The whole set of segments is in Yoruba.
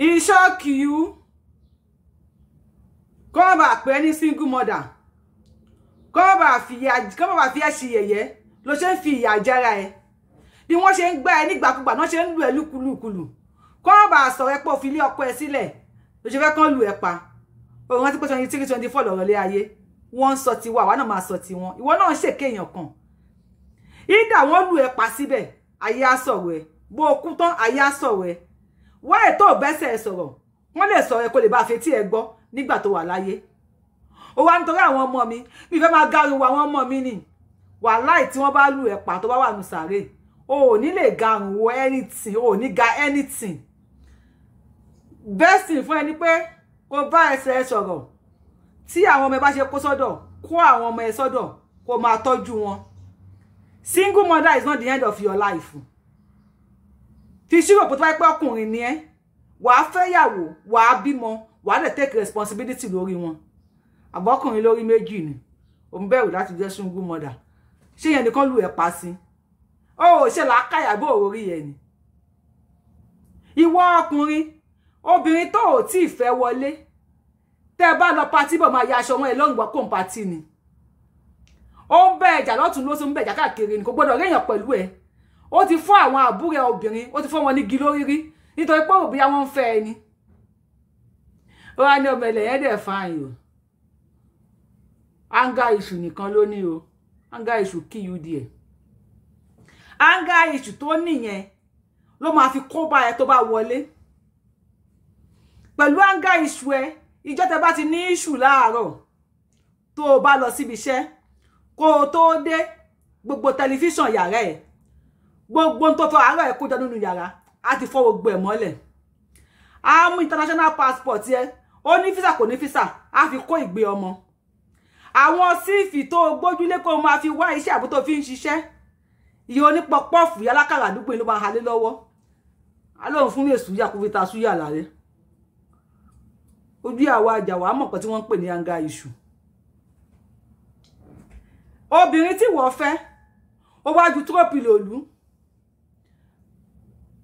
e shock you Come back pè ní single mother Come back, fi ẹ́ ṣe yẹ̀yẹ́ ló ṣe ń fi ìyà jára ẹ bí wọ́n ṣe ń gbá ẹ nígbàkúgbà náà ṣe ń lù ẹ́ lùkulùkulù kọ́ bá sọ̀rọ̀ ẹ pọ̀ fi lé ọkọ ẹ sílẹ̀ ló ṣe fẹ́ kán lù ẹ pa òun rántí pé twenty three twenty four lọ̀rọ̀ lé ayé wọ́n ń sọ tiwa àwa náà máa sọ tiwọn ìwọ náà ń ṣèké èèyàn kan ìdá wọn lù ẹ pa síbẹ̀ ayé á sọ̀rọ̀ ẹ bó o kú tán ayé wọ́n ètò ìbẹ́sẹ̀ sọ̀rọ̀ wọ́n lè sọ̀rọ̀ ẹ̀ kó lè bá fetí ẹ gbọ́ nígbà tó wà láyé ó wa nítorí àwọn ọmọ mi mi fẹ́ máa wa àwọn ọmọ mi nì wàláì tí wọ́n bá lù ẹ̀ pa tó bá wà nù sàárè o ò ní lè gariwo anything o ò ní ga anything best thing fún ẹni pé kó bá ẹsẹ̀ ẹ sọ̀rọ̀ tí àwọn ọmọ ẹ bá ṣe kó sọ́dọ̀ kó àwọn ọmọ ẹ sọ́dọ̀ kó máa tọ́jú wọn single mother is not the end of your life ti ṣírò bó tó wáyé pé ọkùnrin ni ẹ wàá fẹ́yàwó wàá bímọ wàá dẹ̀ take responsibility lórí wọn àbọ̀kùnrin lórí méjì ni òun bẹ̀rù láti jẹ́ ṣúngún mọ́dà ṣé yẹn nìkan lu ẹ̀ pa sí ó ṣe làákàyà bó òórí yẹn ni ìwọ ọkùnrin obìnrin tó ò tí ì fẹ́ wọlé tẹ́ ẹ bá lọ patí bọ̀ máa ya aṣọ wọn ẹ lọ́ngbọ̀n kó ń patí ni ó ń bẹ ẹ̀jà lọ́tún lóṣù ń bẹ ẹ̀jà káàkiri ni kò gbọ́dọ̀ réèyàn pẹ̀lú ẹ̀ ó ti fún àwọn àbúrò obìnrin ó ti fún wọn nígi lórí rí nítorí pé òbí àwọn ń fẹ́ ẹ ni ó wá ní ọmọ ẹlẹ́yẹ́ dẹ̀ fáyìn o anga iṣu nìkan ló ní o anga iṣu kíyù díẹ̀ anga iṣu tó nìyẹn ló máa fi kó bá ẹ tó bá wọlé pẹ̀lú anga iṣu ẹ ìjọ́ tẹ bá ti ní iṣu láàárọ̀ tó o bá lọ síbi iṣẹ́ kó o tó dé gbogbo tẹlifíṣàn yàrá ẹ̀ gbogbo tó fọ àárọ̀ ẹ̀ kójọ nínú yàrá a ti fọ gbogbo ẹ̀ mọ́lẹ̀ a mú international passport yẹ ó ní físà kò ní físà a fi kó ìgbé ọmọ àwọn sífì tó gbójúlé kó máa fi wá iṣẹ́ àbútó fi ń ṣiṣẹ́ iye onípọpọ́ọ̀fù yálàkàrà àdúgbò ló máa halé lọ́wọ́ alóhùn fún èsù yà kó fi ta súyà lálẹ́ ojú àwa àjàwà á mọ̀ pé tí wọ́n ń pè ní anga iṣu obìnrin tí wọ́n fẹ́ ó wájú trópìlì òlú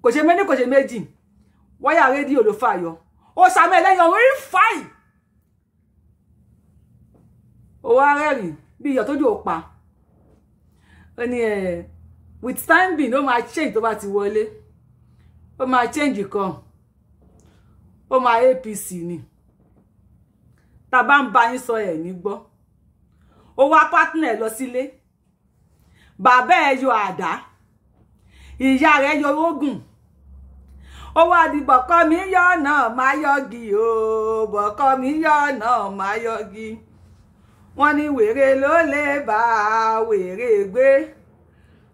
kò ṣe méní kò ṣe méjì wáyà rédíò ló fà yọ ó sàmì ẹlẹ́yìn ọ̀run rí fáì owó arẹ́rìn bí iyọ̀ tójú ò pa ó ní ẹ̀ with time being ó máa change tó bá ti wọlé ó máa change kan ó máa APC ni tá bá ń bá yín sọ ẹ̀ ní gbọ́ ó wá partner lọ sílé bàbá ẹ̀ yọ àdá ìyá rẹ̀ yọ oògùn ó wá di bọ̀kọ́ mi yọ ọ̀nà máyọ́gì o bọ̀kọ́ mi yọ ọ̀nà máyọ́gì wọ́n ní wèrè ló lè bá wèrè gbé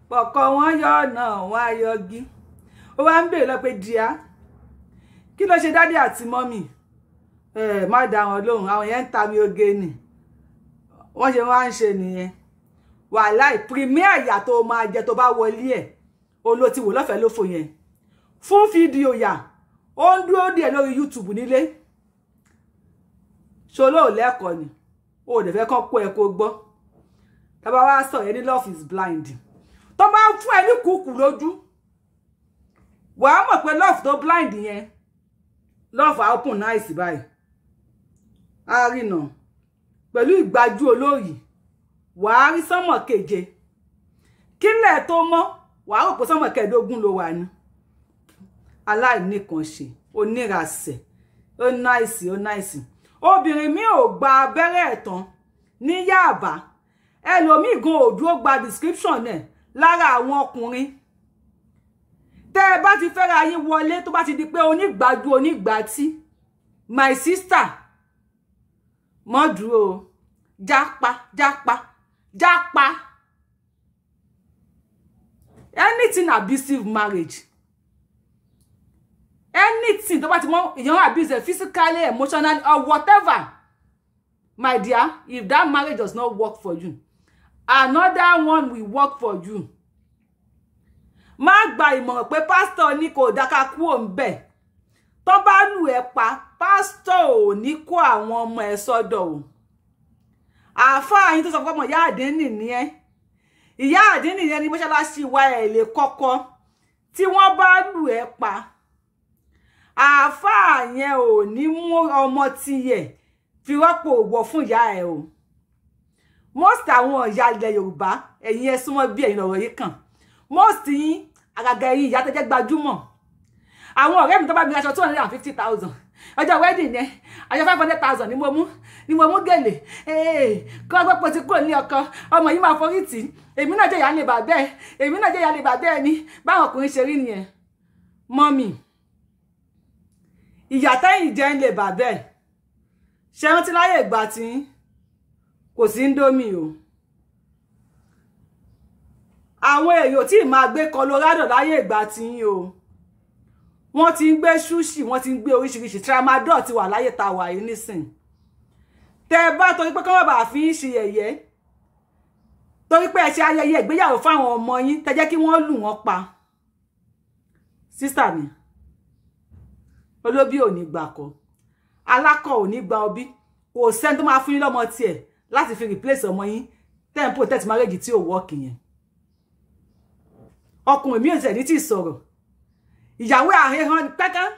bọ̀kọ́ wọn yọ ọ̀nà wọn ayọ́gì ó wá ń bèèrè lọ pé díà kí ló ṣe dádì àti mọ́mì ẹ má dá wọn lóhùn àwọn yẹn ń ta mi oge nì wọ́n ṣe wá ń ṣe nìyẹn wàláì pírímíà ìyà máa jẹ tó bá wọlé ẹ̀ olóò ti wò lọ́fẹ̀ẹ́ ló fò yẹn fún fídíò yà ó ń dúró díẹ̀ youtube nílé ṣoló ò lẹ́kọ̀ọ́ ni o ò dẹ̀ fẹ́ kọ́ kó ẹ kó gbọ́ tábà wá sọ ẹni love is blind tó bá fún ẹ ní kùkù lójú wàá mọ̀ love tó blind yẹn love á open nice báyìí á rìnà pẹ̀lú ìgbájú olóyìí wàá rí sánmọ̀ keje kílẹ̀ tó mọ́ wàá rò pé sọmọ kẹẹ̀ẹ́dógún ló wà ní aláìníkànṣe onírasẹ̀ ó náìsì ó náìsì obìnrin mi ò gba abẹ́rẹ́ ẹ̀tàn ní Yáàbá ẹlòmíì gan òdúró gba description náà lára àwọn ọkùnrin tẹ́ ẹ bá ti fẹ́ra yín wọlé tó bá ti di pé onígbàdú onígbàtí my sister mọ́dúró jápa jápa jápa anything abusive marriage anything tó bá ti you èèyàn abuse physically emotionally or whatever my dear if that marriage does not work for you another one will work for you má gba ìmọ̀ràn pé pásítọ̀ ní kò dáka kú òun bẹ̀ tó bá lù ẹ́ pa pásítọ̀ ò ní kó àwọn ọmọ ẹ sọ́dọ̀ o àáfàá yín tó sọ fún ọmọ ìyá àdéhùn nìyẹn ìyá àdín nìyẹn ni mọ́ṣáláṣí wa ẹ̀ lè kọ́kọ́ tí wọ́n bá lù ẹ́ pa àáfàá yẹn ò ní mú ọmọ tiẹ̀ fi rọ́pò wọ fún ìyá ẹ̀ o most àwọn ọ̀yà ilẹ̀ yorùbá ẹ̀yin ẹ súnmọ́ bí ẹ̀yin ọ̀rọ̀ yìí kàn most yín àgàgà ẹ̀yin ìyá tẹ́jẹ́ gbajúmọ̀ àwọn ọ̀rẹ́ mi tó bá mi aṣọ two hundred and fifty thousand ọjọ́ wedding yẹn ọjọ́ five hundred thousand ni mo mú ni mo mú gèlè kí wọ́n gbọ́ pé o ti kúrò ní ọkọ ọmọ yìí máa forí tì í èmi náà jẹ́ ìyá lè bà bẹ́ẹ̀ èmi náà jẹ́ ìyá lè bà bẹ́ẹ̀ ni báwọn ọkùnrin ṣe rí nìyẹn mọ́mì ìyá tẹ́yìn jẹ́ ń lè bà bẹ́ẹ̀ ṣe rántí láyé ìgbà tí kò sí ń dómi o àwọn èèyàn tí ì máa gbé Colorado láyé ìgbà tí yín o wọ́n ti ń gbé ṣúṣì wọ́n ti ń gbé oríṣiríṣi tramadol ti wà láyé ta wà yìí nísìn tẹ bá torí pé kọ́mọ̀ bá fi ń ṣe yẹ̀yẹ́ torí pé ẹ ayẹyẹ ìgbéyàwó fáwọn ọmọ yín tẹ jẹ́ kí wọ́n lù wọ́n pa sísà mi olóbí ò ní gbà kọ alákọ ò ní gba ọbí kò sẹ́ni tó máa fún yín lọ́mọ tiẹ̀ láti fi replace ọmọ yín ten protect marriage tí ò wọ́ọ̀kì yẹn ọkùnrin mi ò tẹ̀ ní tí sọ̀rọ̀ ìyàwó àhẹhàn pẹ́kán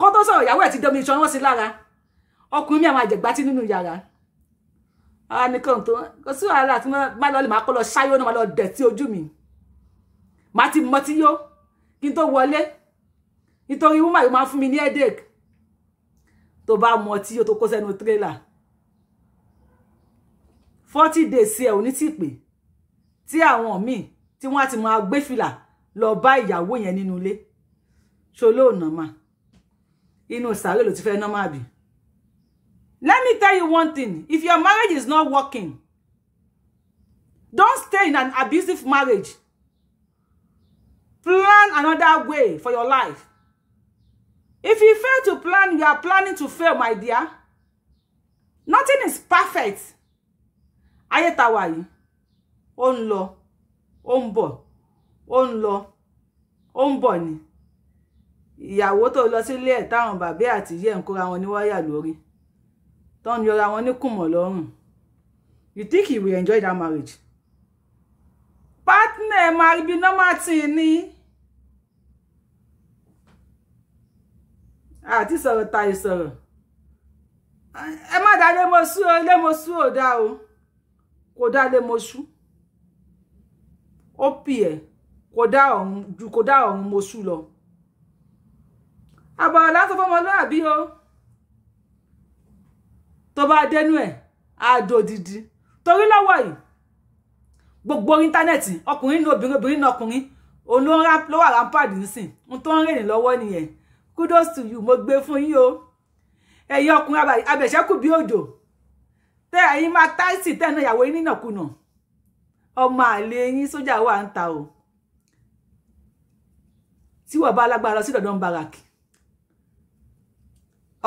kó tó sọ̀rọ̀ ìyàwó ẹ̀ ti domi iṣan sí lára ọkùnrin mi àwọn àjẹgbá tí nínú yàrá ara nìkan tó kò sí wàhálà tí má lọ lè máa kó lọ ṣáyó náà má lọ dẹ̀ tí ojú mi má ti mọ tí yó kí n tó wọlé nítorí wúmà máa fún mi ní headache tó bá mọ tí yó tó kó sẹ́nu tírélà forty days ẹ̀ ò ní tì pé tí àwọn míì tí wọ́n á ti máa gbé fìlà lọ bá ìyàwó yẹn nínú ilé ṣo lóòna mà inú sàárè ló ti fẹ́ ná máa bì. let me tell you one thing if your marriage is not working don't stay in an abusive marriage plan another way for your life if you fail to plan you are planning to fail my dear nothing is perfect ayé tá wà yìí ó ń lọ ó ó ń lọ ó ń bọ̀ ni ìyàwó tó lọ sílé ẹ̀ táwọn bàbá àti ìyá ẹ̀ ń kóra wọn ní wáyà lórí tó ń yọra wọn ní kùmọ̀ lọ́rùn you think he will enjoy that marriage partner ẹ̀ máa rí bí normal thing ni àti sọ̀rọ̀ ta ìsọ̀rọ̀ ẹ má dá lémosú o lémosú ò dá o kò dá lémosú ó pì ẹ́ kódà ọ̀hún ju kódà ọ̀hún moṣù lọ àbọ̀lá sọ fọmọlúàbí o tó bá dẹnu ẹ̀ àdó didi Tori lọ́wọ́ yìí gbogbo íńtánẹ́ẹ̀tì ọkùnrin ní obìnrin obìnrin ní ọkùnrin òun ló wà rampard nísìn ohun tó ń rìn lọ́wọ́ nìyẹn kudos to you mo gbé fún yín o ẹ̀yin ọkùnrin abẹ̀ṣẹ́kù bí òjò tẹ ẹ̀yin máa táìsì tẹ̀ náà ìyàwó yín nínàkunà ọmọ àlè yín sójà wà ń ta o tí wọ́n bá alágbára lọ sí dọ̀dọ̀ ń baraki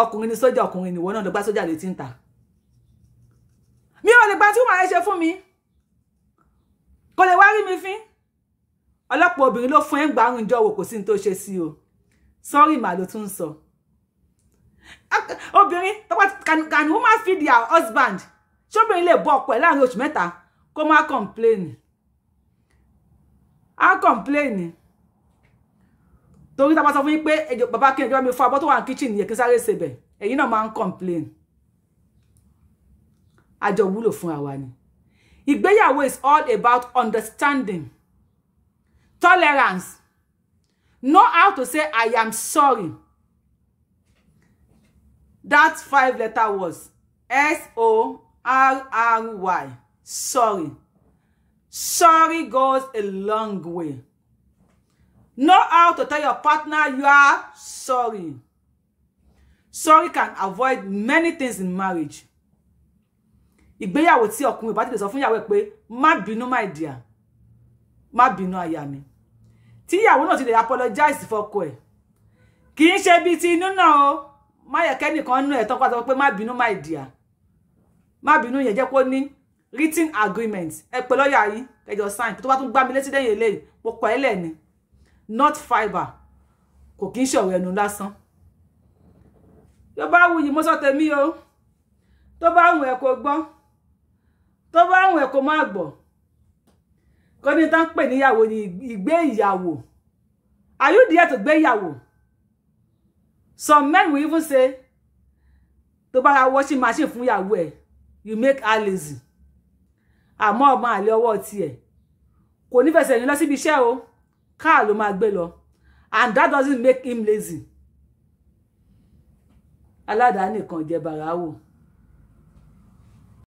ọkùnrin ni sójà ọkùnrin nìwọ náà lọ́gbà sójà létí ń ta mi ò lè gba tí wọ́n á ṣe fún mi kò lè wá rí mi fín ọlọ́pàá obìnrin ló fún ẹ̀ ń gbárùn ìjọ wò kò sí ní tó ṣe sí o sọ́rí màá ló tún sọ obìnrin can woman feed their husband ṣóbìnrin lè bọ́ ọkọ ẹ̀ láàrin oṣù mẹ́ta kó má kọ̀ǹpléènì á kọ̀ǹpléènì torí tá a bá sọ fún yín pé ẹjọ bàbá kí ẹjọ mi fún abọ́ tó wà ní kitchen yẹ kí sáré ṣe bẹ̀ ẹ̀yin náà máa ń complain àjọ wúlò fún àwa ni ìgbéyàwó is all about understanding tolerance know how to say i am sorry that five letter words s-o-r-r-y sorry sorry goes a long way Know how to tell your partner you are sorry. Sorry can avoid many things in marriage. Ìgbéyàwó tí ọkùnrin bá ti lè sọ fún ìyàwó ẹ̀ pé má bínú my dear. ma binu aya mi. Tí ìyàwó náà ti lè apologize fọ́kọ ẹ̀. Kì í ṣe bíi ti inú náà o. keni yẹ kẹ́nìkan nú ẹ̀ tán pàtàkì pé má bínú my dear. ma binu yẹn jẹ́ kó ní written agreement. Ẹ pè lọ́ọ̀yà yìí, ẹ jọ sign. Tó ba tún gbá mi létí lẹ́yìn eléyìí, mo kọ̀ ẹ́ lẹ́ni. Not fiber. kò kí ń ṣọ̀rọ̀ ẹnu lásán tó bá wù yìí mo sọ tèmi o tó bá wù ẹ́ kó gbọ́ tó bá wù ẹ́ kó má gbọ́ kò ní tán pè níyàwó ní ìgbé ìyàwó are you there to gbé ìyàwó some men will even say tó bá ra washing machine fún ìyàwó ẹ̀ you make her lazy àmọ́ ọmọ àlè ọwọ́ tiẹ̀ kò nífẹ̀ẹ́ sẹ́yìn lọ síbi iṣẹ́ o káà ló máa gbé lọ and that doesn't make him lazy aládàá nìkan jẹ bàrà